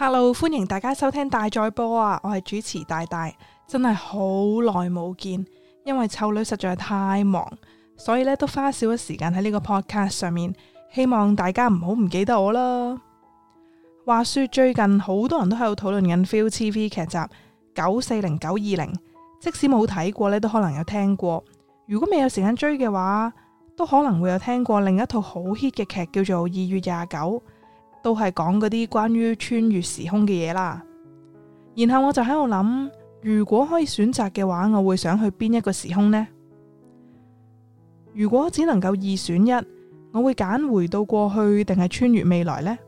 Hello，歡迎大家收聽大在播啊！我係主持大大，真係好耐冇見，因為臭女實在太忙，所以咧都花少咗時間喺呢個 podcast 上面。希望大家唔好唔記得我啦。話說最近好多人都喺度討論緊 ViuTV 劇集《九四零九二零》，即使冇睇過咧，都可能有聽過。如果未有時間追嘅話，都可能會有聽過另一套好 hit 嘅劇，叫做《二月廿九》。都係講嗰啲關於穿越時空嘅嘢啦，然後我就喺度諗，如果可以選擇嘅話，我會想去邊一個時空呢？如果只能夠二選一，我會揀回到過去定係穿越未來呢？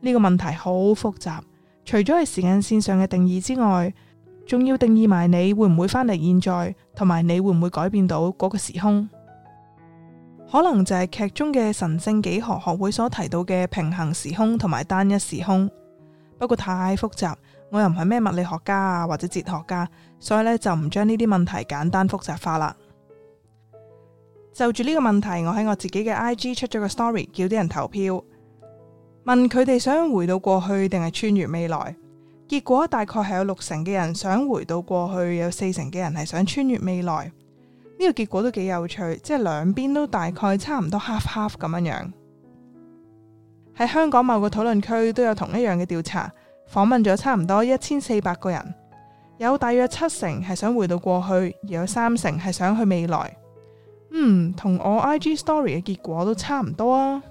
呢個問題好複雜，除咗係時間線上嘅定義之外，仲要定義埋你會唔會返嚟現在，同埋你會唔會改變到嗰個時空？可能就係劇中嘅神聖幾何學會所提到嘅平行時空同埋單一時空，不過太複雜，我又唔係咩物理學家啊或者哲學家，所以咧就唔將呢啲問題簡單複雜化啦。就住呢個問題，我喺我自己嘅 IG 出咗個 story，叫啲人投票，問佢哋想回到過去定係穿越未來。結果大概係有六成嘅人想回到過去，有四成嘅人係想穿越未來。呢個結果都幾有趣，即係兩邊都大概差唔多 half half 咁樣樣。喺香港某個討論區都有同一樣嘅調查，訪問咗差唔多一千四百個人，有大約七成係想回到過去，而有三成係想去未來。嗯，同我 IG story 嘅結果都差唔多啊！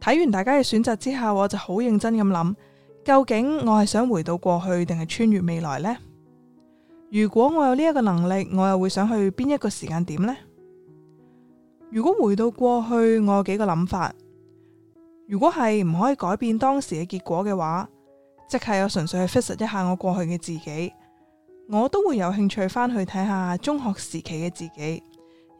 睇完大家嘅選擇之後，我就好認真咁諗，究竟我係想回到過去定係穿越未來呢？如果我有呢一個能力，我又會想去邊一個時間點呢？如果回到過去，我有幾個諗法。如果係唔可以改變當時嘅結果嘅話，即係我純粹去 f l e 一下我過去嘅自己。我都會有興趣返去睇下中學時期嘅自己，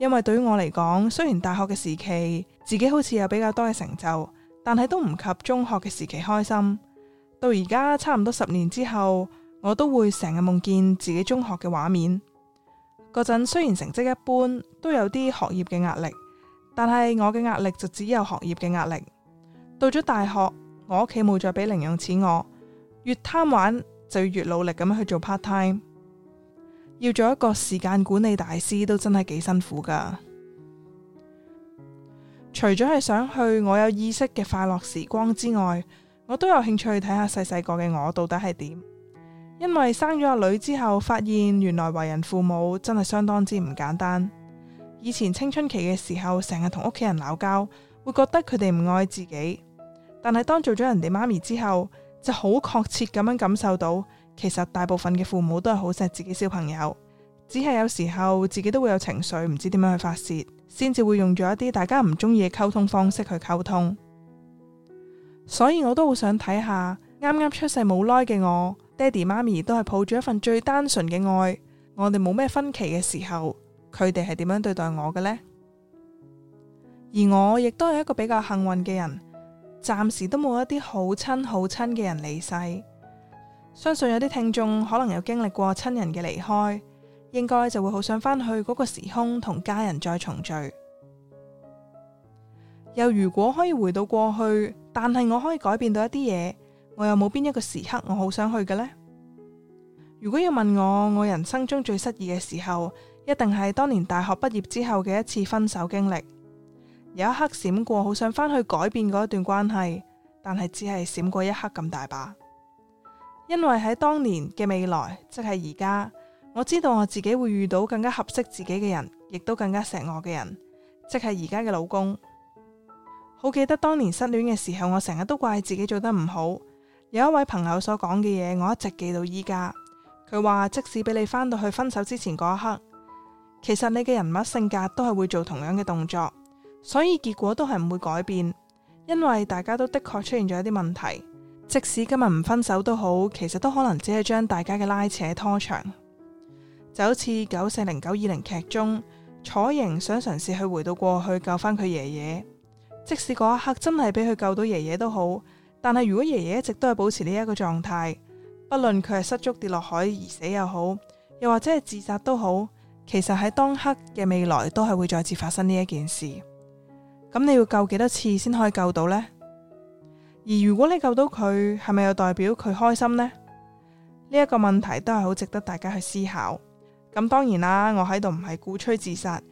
因為對於我嚟講，雖然大學嘅時期自己好似有比較多嘅成就，但係都唔及中學嘅時期開心。到而家差唔多十年之後。我都會成日夢見自己中學嘅畫面。嗰陣雖然成績一般，都有啲學業嘅壓力，但係我嘅壓力就只有學業嘅壓力。到咗大學，我屋企冇再俾零用錢我，越貪玩就越努力咁去做 part time，要做一個時間管理大師都真係幾辛苦噶。除咗係想去我有意識嘅快樂時光之外，我都有興趣睇下細細個嘅我到底係點。因為生咗阿女之後，發現原來為人父母真係相當之唔簡單。以前青春期嘅時候，成日同屋企人鬧交，會覺得佢哋唔愛自己。但係當做咗人哋媽咪之後，就好確切咁樣感受到，其實大部分嘅父母都係好錫自己小朋友，只係有時候自己都會有情緒，唔知點樣去發洩，先至會用咗一啲大家唔中意嘅溝通方式去溝通。所以我都好想睇下啱啱出世冇耐嘅我。爹哋媽咪都係抱住一份最單純嘅愛，我哋冇咩分歧嘅時候，佢哋係點樣對待我嘅呢？而我亦都係一個比較幸運嘅人，暫時都冇一啲好親好親嘅人離世。相信有啲聽眾可能有經歷過親人嘅離開，應該就會好想返去嗰個時空同家人再重聚。又如果可以回到過去，但係我可以改變到一啲嘢。我有冇邊一個時刻我好想去嘅呢？如果要問我，我人生中最失意嘅時候，一定係當年大學畢業之後嘅一次分手經歷。有一刻閃過，好想返去改變嗰一段關係，但係只係閃過一刻咁大把。因為喺當年嘅未來，即係而家，我知道我自己會遇到更加合適自己嘅人，亦都更加錫我嘅人，即係而家嘅老公。好記得當年失戀嘅時候，我成日都怪自己做得唔好。有一位朋友所講嘅嘢，我一直記到依家。佢話，即使俾你返到去分手之前嗰一刻，其實你嘅人物性格都係會做同樣嘅動作，所以結果都係唔會改變，因為大家都的確出現咗一啲問題。即使今日唔分手都好，其實都可能只係將大家嘅拉扯拖長。就好似九四零九二零劇中，楚瑩想嘗試去回到過去救返佢爺爺，即使嗰一刻真係俾佢救到爺爺都好。但係如果爺爺一直都係保持呢一個狀態，不論佢係失足跌落海而死又好，又或者係自殺都好，其實喺當刻嘅未來都係會再次發生呢一件事。咁你要救幾多次先可以救到呢？而如果你救到佢，係咪又代表佢開心呢？呢一個問題都係好值得大家去思考。咁當然啦，我喺度唔係鼓吹自殺，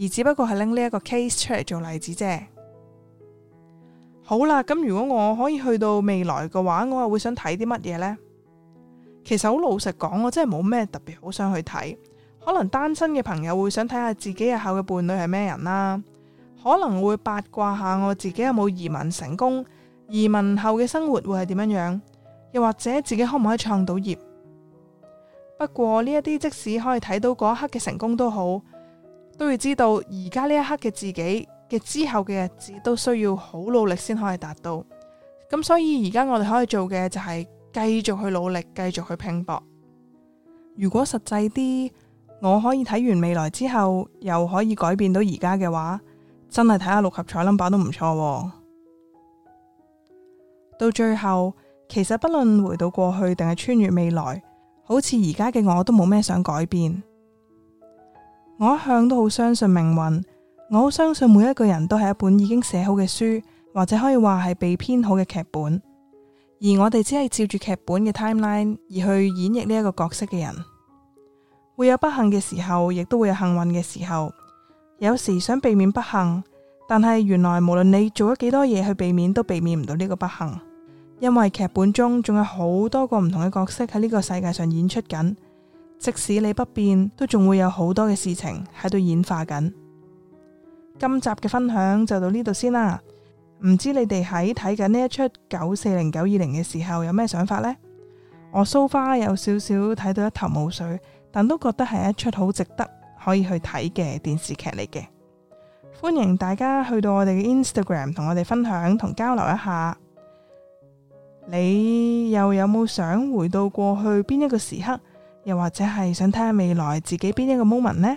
而只不過係拎呢一個 case 出嚟做例子啫。好啦，咁如果我可以去到未來嘅話，我又會想睇啲乜嘢呢？其實好老實講，我真係冇咩特別好想去睇。可能單身嘅朋友會想睇下自己日後嘅伴侶係咩人啦，可能會八卦下我自己有冇移民成功，移民後嘅生活會係點樣樣，又或者自己可唔可以創到業？不過呢一啲，即使可以睇到嗰一刻嘅成功都好，都要知道而家呢一刻嘅自己。嘅之後嘅日子都需要好努力先可以達到，咁所以而家我哋可以做嘅就係繼續去努力，繼續去拼搏。如果實際啲，我可以睇完未來之後又可以改變到而家嘅話，真係睇下六合彩 number 都唔錯喎。到最後，其實不論回到過去定係穿越未來，好似而家嘅我都冇咩想改變。我一向都好相信命運。我好相信每一個人都係一本已經寫好嘅書，或者可以話係被編好嘅劇本。而我哋只係照住劇本嘅 timeline 而去演繹呢一個角色嘅人，會有不幸嘅時候，亦都會有幸運嘅時候。有時想避免不幸，但係原來無論你做咗幾多嘢去避免，都避免唔到呢個不幸，因為劇本中仲有好多個唔同嘅角色喺呢個世界上演出緊。即使你不變，都仲會有好多嘅事情喺度演化緊。今集嘅分享就到呢度先啦。唔知你哋喺睇緊呢一齣九四零九二零嘅時候有咩想法呢？我 so far 有少少睇到一頭霧水，但都覺得係一齣好值得可以去睇嘅電視劇嚟嘅。歡迎大家去到我哋嘅 Instagram 同我哋分享同交流一下。你又有冇想回到過去邊一個時刻，又或者係想睇下未來自己邊一個 moment 呢？